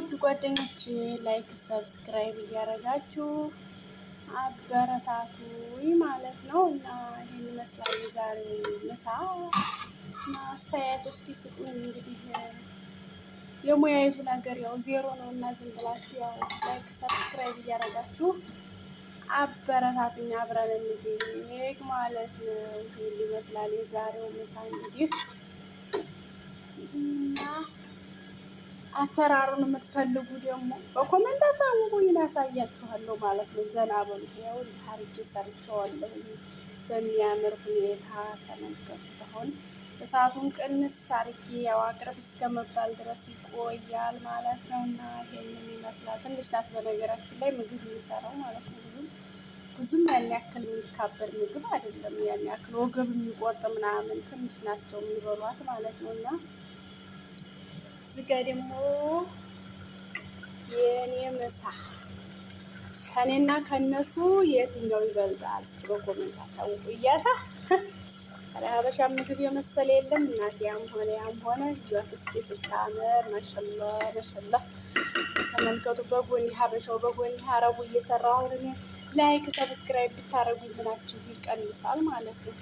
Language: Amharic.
ውድ ጓደኞች ላይክ፣ ሰብስክራይብ እያደረጋችሁ አበረታቱ ማለት ነው። እና ይህን ይመስላል የዛሬ ምሳ። አስተያየት እስኪ ስጡኝ። እንግዲህ የሙያዊቱ ነገር ያው ዜሮ ነው እና ዝም ብላችሁ ያው ላይክ፣ ሰብስክራይብ እያደረጋችሁ አበረታቱኝ። አብረን እንግዲህ ማለት ነው። ይህን ይመስላል የዛሬው ምሳ እንግዲህ አሰራሩን የምትፈልጉ ደግሞ በኮመንት አሳውቁኝ፣ እናሳያችኋለሁ ማለት ነው። ዘና በሉ። ታሪክ ሰርቸዋለሁ በሚያምር ሁኔታ ተመልከቱት። አሁን እሳቱን ቅንስ አርጌ ያው አቅርብ እስከ መባል ድረስ ይቆያል ማለት ነው። እና ይሄንን ይመስላል። ትንሽ ናት በነገራችን ላይ ምግብ የሚሰራው ማለት ነው። ብዙም ብዙም ያን ያክል የሚካበድ ምግብ አይደለም። ያን ያክል ወገብ የሚቆርጥ ምናምን ትንሽ ናቸው የሚበሏት ማለት ነው እና እዚህ ጋ ደግሞ የእኔ ምሳ ከኔና ከነሱ የትኛው ይበልጣል? እስኪ በኮመንት አሳውቁ። እያታ ሀበሻ ምግብ የመሰለ የለም እናት። ያም ሆነ ያም ሆነ ጇት እስኪ ስታምር ማሻላ ማሻላ። ተመልከቱ፣ በጎን ሀበሻው በጎን አረቡ እየሰራ አሁን ላይክ ሰብስክራይብ ብታረጉ እንትናችሁ ይቀንሳል ማለት ነው።